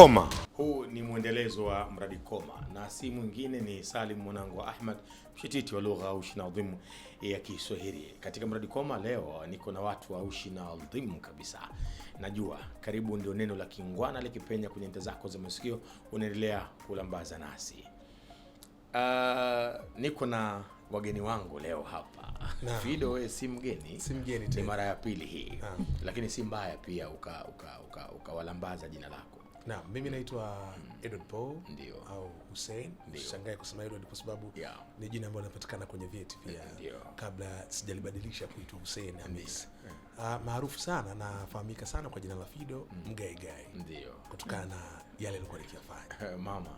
Koma. Huu ni mwendelezo wa mradi Koma na si mwingine ni Salim mwanangu Ahmad, mshititi wa lugha aushi na adhimu ya Kiswahili. Katika mradi Koma leo niko na watu aushi na adhimu kabisa. Najua karibu ndio neno la Kingwana likipenya kwenye nta zako za masikio, unaendelea kulambaza nasi. Uh, niko na wageni wangu leo hapa na. Fido, we si mgeni, si mgeni, ni mara ya pili hii Lakini si mbaya pia ukawalambaza uka, uka, uka jina lako na mimi mm. naitwa mm. Edward Paul ndio, au Hussein. nishangae kusema Edward kwa sababu yeah, ni jina ambalo linapatikana kwenye vyeti pia kabla sijalibadilisha kuitwa Hussein Hamis. Uh, mm. ah, maarufu sana nafahamika sana kwa jina la Fido Mgaigai, ndio kutokana na yale alikuwa nikiyafanya. Eh, mama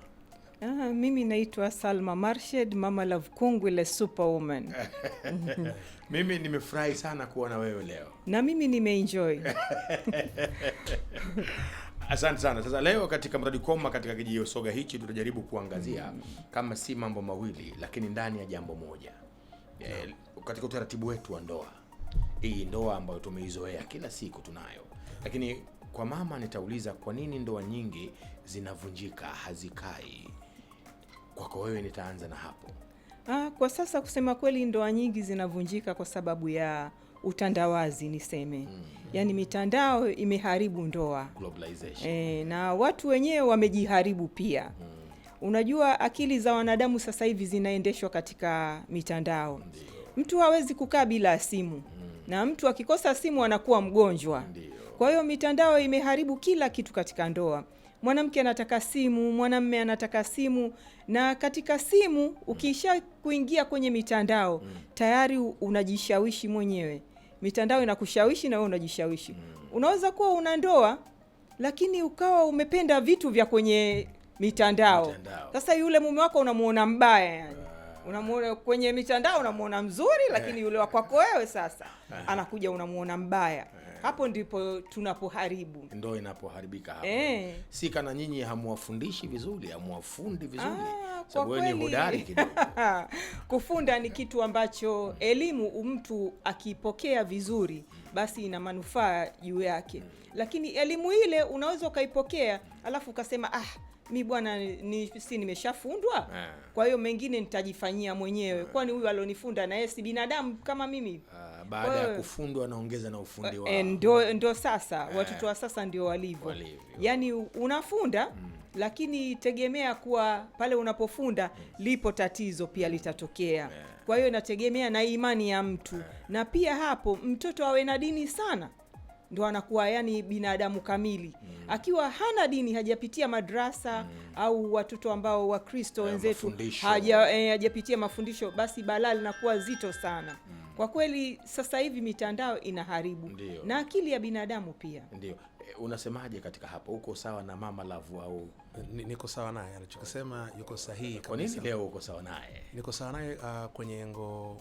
Ah, mimi naitwa Salma Marshed, mama love kungwi la superwoman. Mimi nimefurahi sana kuona wewe leo, na mimi nimeenjoy Asante sana. Sasa leo katika mradi koma katika kijiosoga hichi tutajaribu kuangazia mm kama si mambo mawili lakini ndani ya jambo moja no. E, katika utaratibu wetu wa ndoa hii ndoa ambayo tumeizoea kila siku tunayo, lakini kwa mama nitauliza kwa nini ndoa nyingi zinavunjika hazikai? Kwako wewe nitaanza na hapo. Ah, kwa sasa kusema kweli ndoa nyingi zinavunjika kwa sababu ya utandawazi niseme mm. Yaani mitandao imeharibu ndoa e, na watu wenyewe wamejiharibu pia mm. Unajua akili za wanadamu sasa hivi zinaendeshwa katika mitandao Ndiyo. Mtu hawezi kukaa bila simu mm. Na mtu akikosa simu anakuwa mgonjwa Ndiyo. Kwa hiyo mitandao imeharibu kila kitu katika ndoa. Mwanamke anataka simu, mwanamme anataka simu, na katika simu mm. ukiisha kuingia kwenye mitandao mm. tayari unajishawishi mwenyewe mitandao inakushawishi na wewe unajishawishi. Mm. Unaweza kuwa una ndoa lakini ukawa umependa vitu vya kwenye mitandao. Sasa yule mume wako unamuona mbaya yani. Ah. Unamuona kwenye mitandao unamuona mzuri, lakini eh. yule wa kwako wewe sasa eh. anakuja unamuona mbaya. Eh hapo ndipo tunapoharibu, ndo inapoharibika hapo e. si kana nyinyi hamuwafundishi vizuri, hamuwafundi vizuri, ah, sababu ni hodari kidogo. Kufunda ni kitu ambacho elimu mtu akipokea vizuri, basi ina manufaa juu yake, mm. lakini elimu ile unaweza ukaipokea alafu ukasema ah mi bwana ni, si nimeshafundwa eh. Kwa hiyo mengine nitajifanyia mwenyewe eh. Kwani huyu alonifunda na si binadamu kama mimi ah, baada ya kufundwa anaongeza na ufundi eh, wao ndo, ndo sasa Watoto wa sasa ndio walivyo, yani unafunda mm. Lakini tegemea kuwa pale unapofunda mm. lipo tatizo pia litatokea Kwa hiyo inategemea na imani ya mtu Na pia hapo mtoto awe na dini sana ndo anakuwa yani binadamu kamili mm. Akiwa hana dini, hajapitia madrasa mm. au watoto ambao Wakristo wenzetu haja, eh, hajapitia mafundisho, basi balaa linakuwa zito sana mm. Kwa kweli sasa hivi mitandao inaharibu Ndiyo. na akili ya binadamu pia. Ndiyo. E, eh, unasemaje katika hapo? Uko sawa na Mama lavu au niko sawa naye? Anachokisema yuko sahihi. Kwa nini leo uko sawa naye? Niko sawa naye uh, kwenye ngo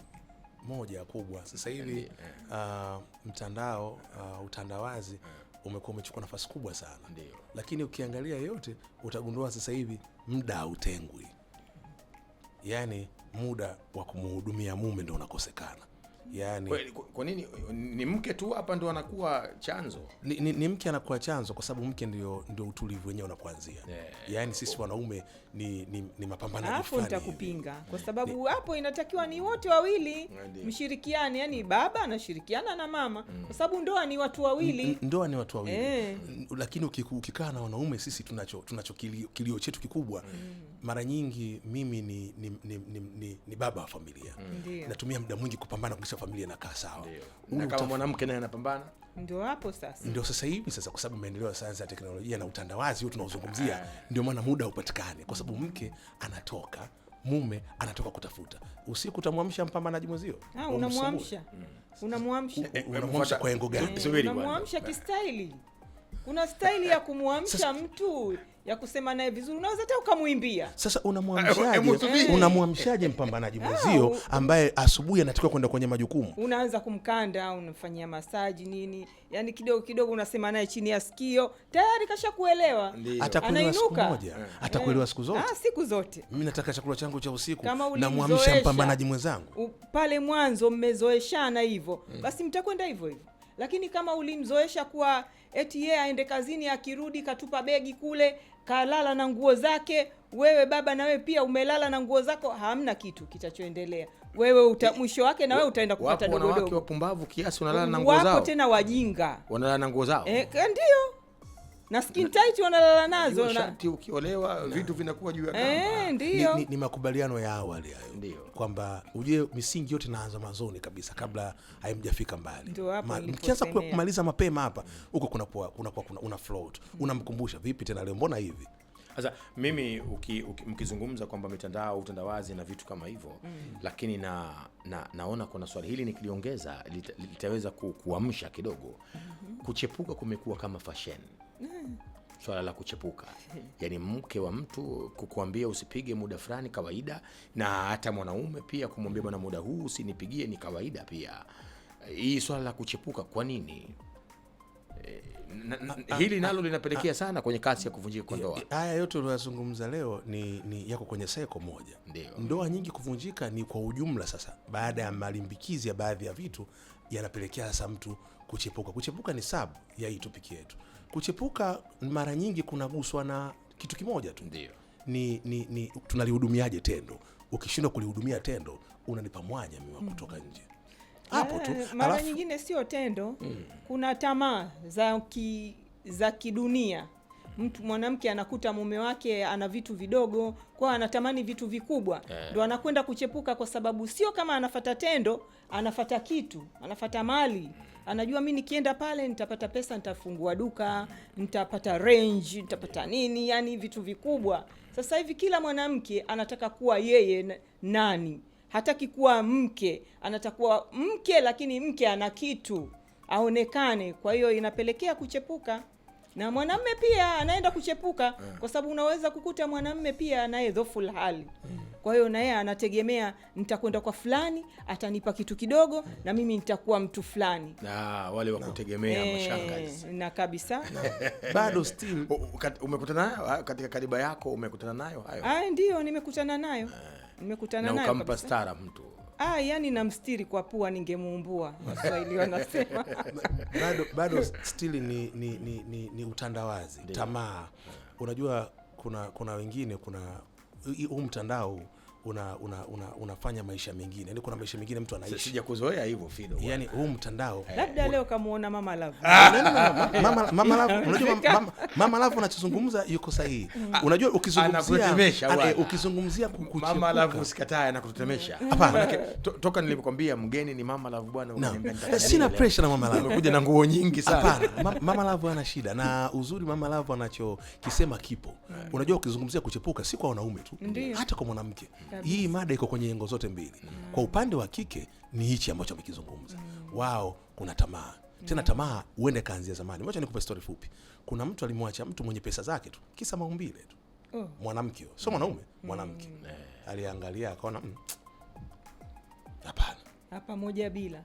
moja kubwa sasa hivi uh, mtandao uh, utandawazi eh. umekuwa umechukua nafasi kubwa sana Ndiyo. Lakini ukiangalia yote utagundua sasa hivi muda hautengwi, yaani muda wa kumhudumia mume ndo unakosekana yani. Kwa nini ni mke tu hapa ndo anakuwa chanzo? Ni, ni, ni mke anakuwa chanzo kwa sababu mke ndio ndio utulivu wenyewe unakuanzia yeah. Yani sisi wanaume ni, ni, ni mapambano hapo, nitakupinga kwa sababu hapo inatakiwa ni wote wawili mshirikiane, yani baba anashirikiana na mama mm. kwa sababu ndoa ni watu wawili, ndoa ni watu wawili eh. Lakini ukikaa na wanaume sisi tunacho tunacho kilio chetu kikubwa mm. mara nyingi mimi ni, ni, ni, ni, ni, ni baba wa familia mm. natumia muda mwingi kupambana kuisha familia inakaa sawa, na kama mwanamke naye anapambana ndio hapo sasa, ndio sasa hivi sasa, kwa sababu maendeleo ya sayansi ya teknolojia na utandawazi huo tunaozungumzia, eh. ndio maana muda upatikane kwa sababu mke anatoka, mume anatoka kutafuta. Usiku utamwamsha mpambanaji mwenzio, ah, unamwamsha unamwamsha unamwamsha kwa engo gani? Unamwamsha eh. kistaili, kuna staili ya kumwamsha mtu ya kusema naye vizuri, unaweza hata ukamwimbia. Sasa eh, unamwamshaje? Unamwamshaje mpambanaji mwenzio ambaye asubuhi anatakiwa kwenda kwenye majukumu? Unaanza kumkanda, unamfanyia masaji nini, yani kidogo kidogo, unasema naye chini ya sikio, tayari kashakuelewa. Atakuelewa siku moja, eh. atakuelewa siku zote, ah, siku zote. Mimi nataka chakula changu cha usiku, namwamsha mpambanaji mwenzangu. Pale mwanzo mmezoeshana hivyo, mm. basi mtakwenda hivyo hivyo lakini kama ulimzoesha kuwa eti yeye aende kazini akirudi katupa begi kule kalala na nguo zake, wewe baba na wewe pia umelala na nguo zako, hamna kitu kitachoendelea. Wewe uta, eh, mwisho wake na wewe utaenda kupata dogodogo. Wapumbavu kiasi, unalala na nguo zao. Wapo tena wajinga wanalala na nguo zao, eh, ndio na skin tight wanalala nazo na ukiolewa vitu vinakuwa juu ya eh, ndio ni, ni, ni makubaliano ya awali hayo, kwamba ujue misingi yote naanza mazoni kabisa kabla haimjafika mbali. Mkianza kumaliza mapema hapa huko kuna kuwa, kuna kuwa, kuna una float unamkumbusha vipi tena leo, mbona hivi sasa mimi uki, uki, mkizungumza kwamba mitandao utandawazi na vitu kama hivyo mm. Lakini na, na naona kuna swali hili nikiliongeza lita, litaweza ku, kuamsha kidogo mm -hmm. Kuchepuka kumekuwa kama fashion swala la kuchepuka, yani mke wa mtu kukuambia usipige muda fulani kawaida, na hata mwanaume pia kumwambia bwana, muda huu usinipigie ni kawaida pia. Hii swala la kuchepuka kwa nini? Eh, na, na, hili nalo linapelekea sana kwenye kasi ya kuvunjika kwa ndoa. Haya yote uliyozungumza leo ni, ni yako kwenye seko moja. Ndiyo. Ndoa nyingi kuvunjika ni kwa ujumla sasa, baada ya malimbikizi ya baadhi ya vitu yanapelekea sasa mtu kuchepuka. Kuchepuka ni sabu ya hii topiki yetu kuchepuka mara nyingi kunaguswa na kitu kimoja tu, ndio ni, ni, ni tunalihudumiaje tendo. Ukishindwa kulihudumia tendo, unanipa mwanya mimi wa mm. kutoka nje eh, hapo tu. Mara alafu... nyingine sio tendo mm. kuna tamaa za, ki, za kidunia mtu mwanamke anakuta mume wake ana vitu vidogo, kwa anatamani vitu vikubwa eh, ndo anakwenda kuchepuka, kwa sababu sio kama anafata tendo, anafata kitu, anafata mali mm anajua mi nikienda pale nitapata pesa, nitafungua duka, nitapata range, nitapata nini, yani vitu vikubwa. Sasa hivi kila mwanamke anataka kuwa yeye nani, hataki kuwa mke, anatakuwa mke, lakini mke ana kitu aonekane. Kwa hiyo inapelekea kuchepuka na mwanamme pia anaenda kuchepuka yeah. Kwa sababu unaweza kukuta mwanamme pia anaye dhoful hali mm. Kwa hiyo naye anategemea nitakwenda kwa fulani atanipa kitu kidogo mm. na mimi nitakuwa mtu fulani wale wa kutegemea no. Eh, mashangazi na kabisa bado still umekutana nayo katika kariba yako, umekutana nayo hayo? Ah, ndio nimekutana nayo, eh. nimekutana nayo na ukampa stara mtu Ah, yani mstiri kwa pua ningemuumbua, Waswahili wanasema. Bado bado stili ni, ni, ni, ni, ni utandawazi, tamaa. Unajua kuna kuna wengine kuna huu mtandao una, una, una, unafanya maisha mengine, yaani kuna maisha mengine mtu anaishi. Sija kuzoea hivyo Fido, yaani huu mtandao. Eh. Labda leo kamuona Mama Love, Mama mama Love, unajua Mama mama Love anachozungumza yuko sahihi. Ah, unajua ukizungumzia eh, ukizungumzia Mama Love usikataa, anakutetemesha. Hapana, toka nilipokuambia mgeni ni Mama Love bwana, eh, sina pressure na Mama Love, umekuja na nguo nyingi sana. Hapana, Mama Love ana shida na uzuri, Mama Love anachokisema kipo. Unajua ukizungumzia kuchepuka si kwa wanaume tu, hata kwa mwanamke mm. Hii mada iko kwenye engo zote mbili mm. Kwa upande wa kike ni hichi ambacho amekizungumza mm. Wao kuna tamaa mm. tena tamaa huende kaanzia zamani. Wacha nikupe story fupi. Kuna mtu alimwacha mtu mwenye pesa zake tu, kisa maumbile tu mm. Mwanamke sio mwanaume, mm. mwanamke mm. Aliangalia akaona mm, hapana, hapa moja bila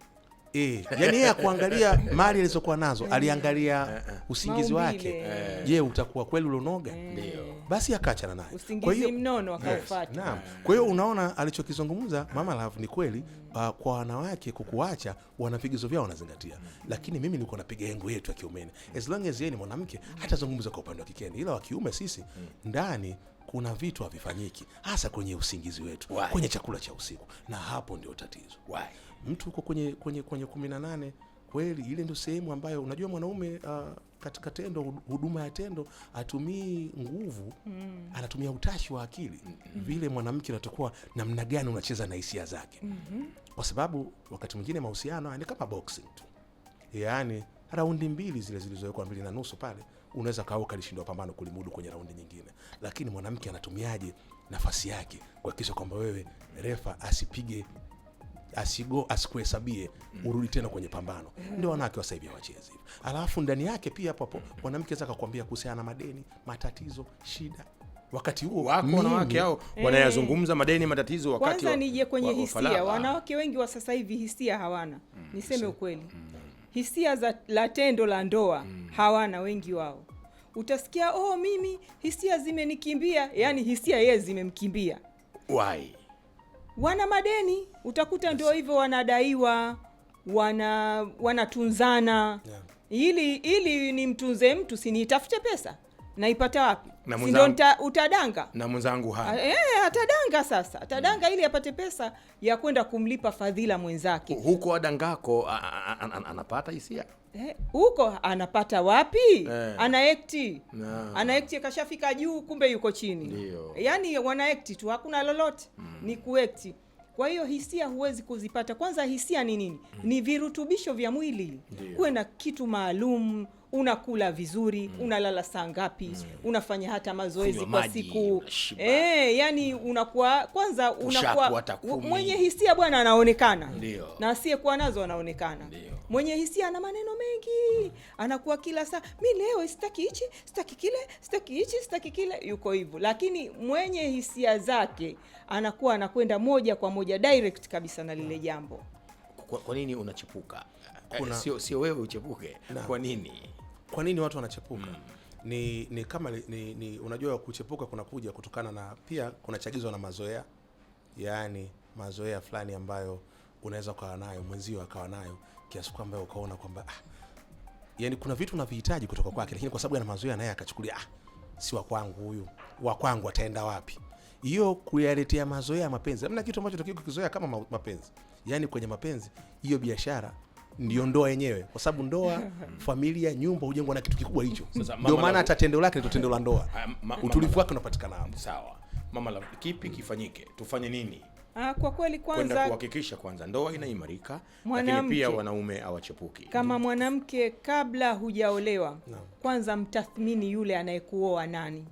eh, yani yeye akuangalia mali alizokuwa nazo, eh. aliangalia eh, eh. usingizi wake. Je, utakuwa kweli ulonoga Basi akaachana naye, mnono Naam, kwa hiyo unaona alichokizungumza Mama Love ni kweli. Uh, kwa wanawake kukuacha, wana vigezo vyao wanazingatia, lakini mimi niko napiga engo yetu ya kiumeni. As long as yeye ni mwanamke hatazungumza kwa upande wa kikeni, ila wa kiume sisi hmm. ndani kuna vitu havifanyiki, hasa kwenye usingizi wetu, kwenye chakula cha usiku, na hapo ndio tatizo. Why? mtu uko kwenye kwenye kwenye kumi na nane kweli, ile ndio sehemu ambayo unajua mwanaume uh, katika tendo, huduma ya tendo atumii nguvu mm. anatumia utashi wa akili mm -hmm. Vile mwanamke natakuwa namna gani unacheza na hisia zake mm -hmm. Kwa sababu wakati mwingine mahusiano ni kama boxing tu, yaani raundi mbili zile zilizowekwa mbili na nusu pale, unaweza kawa ukalishindwa pambano kulimudu kwenye raundi nyingine, lakini mwanamke anatumiaje nafasi yake kuhakikisha kwamba wewe refa asipige asigo asikuhesabie urudi tena kwenye pambano. Ndio wanawake wa hivi hawachezi Alafu ndani yake pia hapo hapo mwanamke anaweza kuhusiana na madeni, matatizo, shida wakati huo wako wanawake hao wanayazungumza eh. madeni matatizo. Wakati kwanza nije kwenye wa, hisia, wanawake wengi wa sasa hivi hisia hawana mm, niseme ukweli mm, hisia za la tendo la ndoa mm, hawana wengi wao. Utasikia oh, mimi hisia zimenikimbia, yani hisia yeye zimemkimbia Why? wana madeni utakuta ndio hivyo wanadaiwa, wana wanatunzana yeah. Ili ili nimtunze mtu sinitafute pesa naipata wapi? Na utadanga na mwenzangu haya e, eh, eh, atadanga sasa, atadanga mm, ili apate pesa ya kwenda kumlipa fadhila mwenzake huko. Adangako anapata hisia eh, huko anapata wapi e? Anaekti na. Anaekti kashafika juu, kumbe yuko chini Dio. Yani wanaekti tu, hakuna lolote mm, ni kuekti kwa hiyo hisia huwezi kuzipata. Kwanza hisia ni nini? Mm. Ni virutubisho vya mwili. Kuwe na kitu maalum unakula vizuri mm. unalala saa ngapi mm. unafanya hata mazoezi kwa siku e, yani unakuwa kwanza unakuwa mwenye hisia bwana anaonekana Ndiyo. na asiyekuwa nazo anaonekana Ndiyo. mwenye hisia ana maneno mengi mm. anakuwa kila saa mi leo sitaki hichi sitaki kile sitaki hichi sitaki kile yuko hivyo lakini mwenye hisia zake anakuwa anakwenda moja kwa moja direct kabisa na lile jambo kwa, kwa nini unachepuka? Eh, sio, sio wewe uchepuke. Kwa nini? Kwa nini watu wanachepuka? mm. Ni, ni kama ni, ni unajua kuchepuka kunakuja kutokana na pia kunachagizwa na mazoea, yaani mazoea fulani ambayo unaweza ukawa nayo mwenzio akawa nayo kiasi kwamba ukaona kwamba ah, yani kuna vitu unavihitaji kutoka kwake, lakini kwa sababu ana mazoea naye akachukulia ah, si wa kwangu huyu, wa kwangu ataenda wapi? Hiyo kuyaletea mazoea ya mapenzi. Hamna kitu ambacho takiwa kizoea kama mapenzi, yaani kwenye mapenzi hiyo biashara ndio ndoa yenyewe, kwa sababu ndoa, familia, nyumba hujengwa na kitu kikubwa hicho. Ndio maana hata tendo lake ndio tendo la ndoa, ah, utulivu wake unapatikana hapo. Sawa mama la, kipi kifanyike? Tufanye nini? Ah, kwa kweli kwanza kuhakikisha kwanza ndoa inaimarika, lakini pia wanaume awachepuki. Kama mwanamke kabla hujaolewa no. kwanza mtathmini yule anayekuoa nani,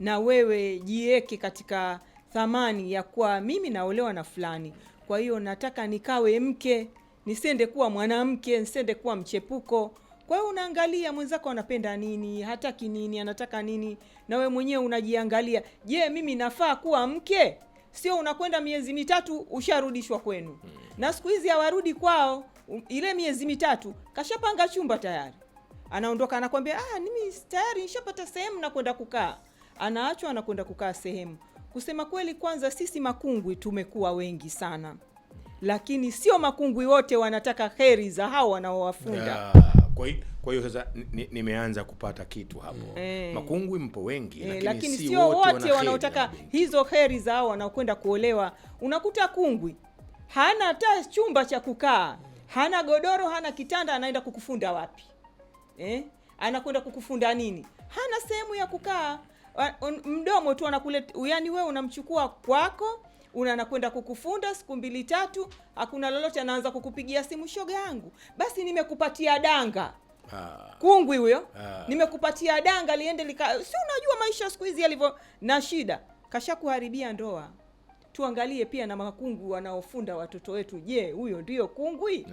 na wewe jiweke katika thamani ya kuwa mimi naolewa na fulani, kwa hiyo nataka nikawe mke nisende kuwa mwanamke, nisende kuwa mchepuko. Kwa hiyo unaangalia mwenzako anapenda nini, hataki nini, anataka nini, na we mwenyewe unajiangalia, je, mimi nafaa kuwa mke? Sio unakwenda miezi mitatu usharudishwa kwenu, hmm. na siku hizi hawarudi kwao. Ile miezi mitatu kashapanga chumba tayari, anaondoka anakwambia, ah, mimi tayari nishapata sehemu na kwenda kukaa. Anaachwa anakwenda kukaa sehemu. Kusema kweli, kwanza sisi Makungwi tumekuwa wengi sana lakini sio makungwi wote wanataka heri za hao wanaowafunda. Kwa hiyo sasa nimeanza ni kupata kitu hapo mm. Makungwi mpo wengi eh, lakini, lakini sio wote wanaotaka hizo heri za hao wanaokwenda kuolewa. Unakuta kungwi hana hata chumba cha kukaa, hana godoro, hana kitanda, anaenda kukufunda wapi eh? Anakwenda kukufunda nini? Hana sehemu ya kukaa, mdomo tu anakuleta, yani wewe unamchukua kwako una anakwenda kukufunda siku mbili tatu, hakuna lolote, anaanza kukupigia simu, shoga yangu, basi nimekupatia danga ha. Ah. Kungwi huyo ah. Nimekupatia danga liende lika, si unajua maisha siku hizi yalivyo na shida, kashakuharibia ndoa. Tuangalie pia na makungwi wanaofunda watoto wetu. Je, huyo ndio kungwi?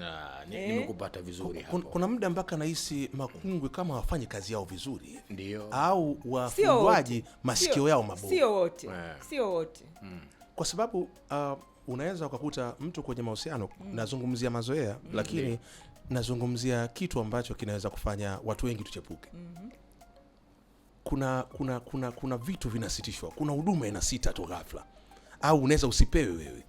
Nimekupata ah, ni, eh. vizuri hapo. Kuna, kuna muda mpaka nahisi makungwi kama wafanyi kazi yao vizuri ndio, au wafungwaji masikio yao mabovu. Sio wote, eh. sio wote, mm kwa sababu uh, unaweza ukakuta mtu kwenye mahusiano mm. nazungumzia mazoea mm. lakini nazungumzia kitu ambacho kinaweza kufanya watu wengi tuchepuke mm -hmm. kuna, kuna, kuna, kuna vitu vinasitishwa, kuna huduma inasita tu ghafla, au unaweza usipewe wewe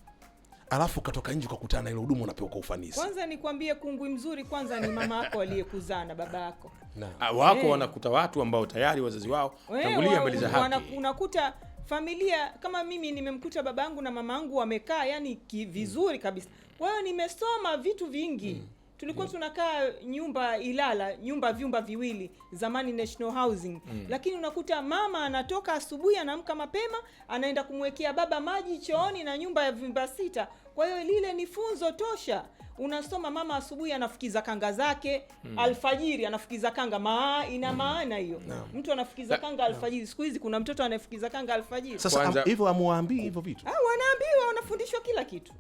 alafu katoka nje ukakutana na ile huduma unapewa kwa ufanisi. Kwanza nikwambie kungwi mzuri kwanza ni mama yako aliyekuzaa na baba yako wako hey. Ah, eh. Wanakuta watu ambao tayari wazazi wao tangulia mbele za haki, unakuta familia kama mimi nimemkuta babangu na mamangu wamekaa yani vizuri kabisa. Kwa hiyo nimesoma vitu vingi mm. Tulikuwa hmm. tunakaa nyumba Ilala, nyumba vyumba viwili zamani, National Housing mm. Lakini unakuta mama anatoka asubuhi, anaamka mapema, anaenda kumwekea baba maji chooni na nyumba ya vyumba sita. Kwa hiyo lile ni funzo tosha unasoma mama asubuhi anafukiza kanga zake mm. alfajiri anafukiza kanga maa ina hmm. maana hiyo no. mtu anafukiza kanga no. alfajiri. Siku hizi kuna mtoto anafukiza kanga alfajiri. Sasa hivyo amuambii hivyo vitu ah, wanaambiwa wanafundishwa kila kitu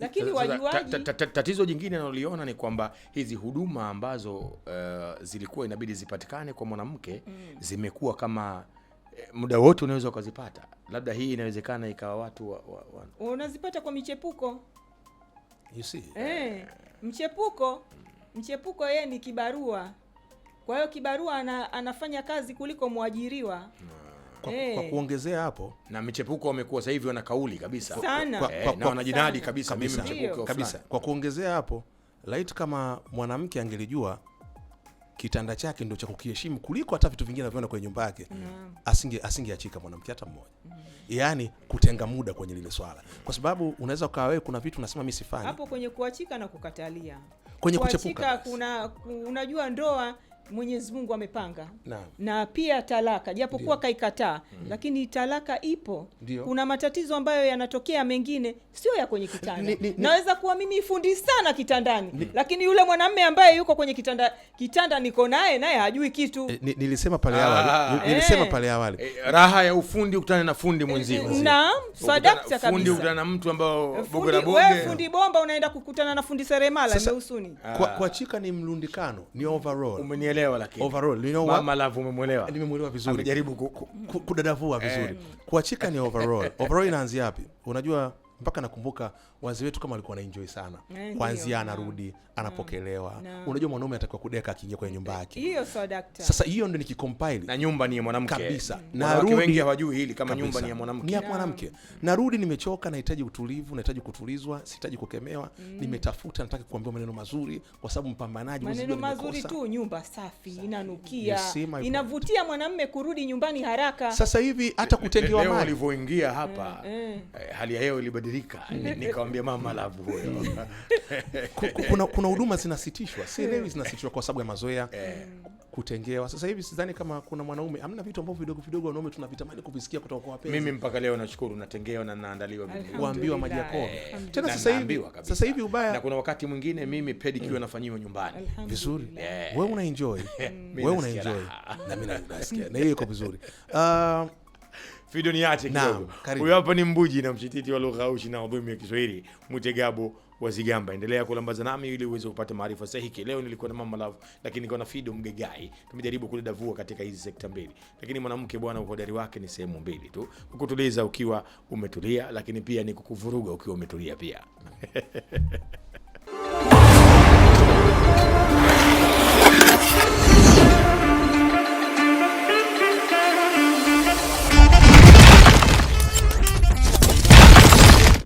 lakini wajuaji... Tatizo jingine analoliona ni kwamba hizi huduma ambazo uh, zilikuwa inabidi zipatikane kwa mwanamke mm. zimekuwa kama eh, muda wote unaweza ukazipata, labda hii inawezekana ikawa watu wa, wa, wa... unazipata kwa michepuko you see eh, mchepuko mchepuko yeye ni kibarua, kwa hiyo kibarua ana, anafanya kazi kuliko mwajiriwa kwa, hey. Kwa eh. kuongezea hapo na michepuko wamekuwa sasa hivi wana kauli kabisa sana. Kwa, hey, eh, kwa, na wanajinadi kabisa, kabisa, mimi mchepuko kabisa. Kwa kuongezea hapo, laiti kama mwanamke angelijua kitanda chake ndio cha kukiheshimu kuliko hata vitu vingine anavyoona kwenye nyumba yake, mm. asinge asingeachika mwanamke hata mmoja mm. Yaani kutenga muda kwenye lile swala, kwa sababu unaweza ukawa wewe kuna vitu unasema mimi sifanyi hapo kwenye kuachika na kukatalia kwenye kuchepuka. Kuna unajua ndoa Mwenyezi Mungu amepanga na, na pia talaka japokuwa kaikataa mm. lakini talaka ipo Dio. Kuna matatizo ambayo yanatokea mengine sio ya kwenye kitanda ni, ni, naweza kuwa mimi fundi sana kitandani ni, lakini yule mwanamme ambaye yuko kwenye kitanda kitanda niko naye naye hajui kitu. E, nilisema pale awali, nilisema eh, pale awali e, raha ya ufundi ukutane na fundi mwenzio na sadakta kabisa, fundi ukutane na mtu ambao boga la bonge wewe fundi bomba unaenda kukutana na fundi seremala ndio usuni. Kwa, kwa chika ni mlundikano ni overall. Umenielewa? nimemwelewa lakini overall you know what mama love umemwelewa nimemwelewa vizuri amejaribu kudadavua vizuri eh. kuachika ni overall overall inaanzia wapi unajua mpaka nakumbuka wazee wetu kama walikuwa wanaenjoy sana, eh, kwanzia anarudi anapokelewa. Unajua mwanaume anatakiwa kudeka akiingia kwenye nyumba yake. Hiyo sawa daktari. Sasa hiyo ndio nikicompile, na nyumba ni ya mwanamke kabisa. Mm. na Narudi, wengi hawajui hili kama nyumba ni ya mwanamke, ni ya mwanamke. Narudi nimechoka, nahitaji utulivu, nahitaji kutulizwa, sihitaji kukemewa. Mm. Nimetafuta, nataka kuambiwa maneno mazuri, kwa sababu mpambanaji. Maneno mazuri tu, nyumba safi, inanukia, inavutia mwanamume kurudi nyumbani haraka. Sasa hivi hata kutengewa mali ulivyoingia hapa, mm, eh, hali ya hewa ilibadilika kubadilika Nikamwambia mama labu huyo. Kuna kuna huduma zinasitishwa, sielewi zinasitishwa kwa sababu ya mazoea eh. kutengewa. Sasa hivi sidhani kama kuna mwanaume, amna vitu ambavyo vidogo vidogo wanaume tunavitamani kuvisikia kutoka kwa wapenzi. Mimi mpaka leo nashukuru, natengewa na naandaliwa vizuri, waambiwa maji ya kombe eh. tena. Sasa hivi sasa hivi ubaya, na kuna wakati mwingine mimi pedicure mm. nafanyiwa nyumbani vizuri, eh. wewe una enjoy, wewe una enjoy na mimi nasikia na hiyo iko vizuri. Fido ni ache kidogo. Huyo hapa ni mbuji na mshititi wa lugha aushi na udhumi ya Kiswahili, Mutegabo wa Zigamba. Endelea kulambaza nami ili uweze kupata maarifa sahihi. Leo nilikuwa na Mama Love, lakini niko na Fido Mgegai. Tumejaribu kudadavua katika hizi sekta mbili, lakini mwanamke bwana, uhodari wake ni sehemu mbili tu, kukutuliza ukiwa umetulia, lakini pia ni kukuvuruga ukiwa umetulia pia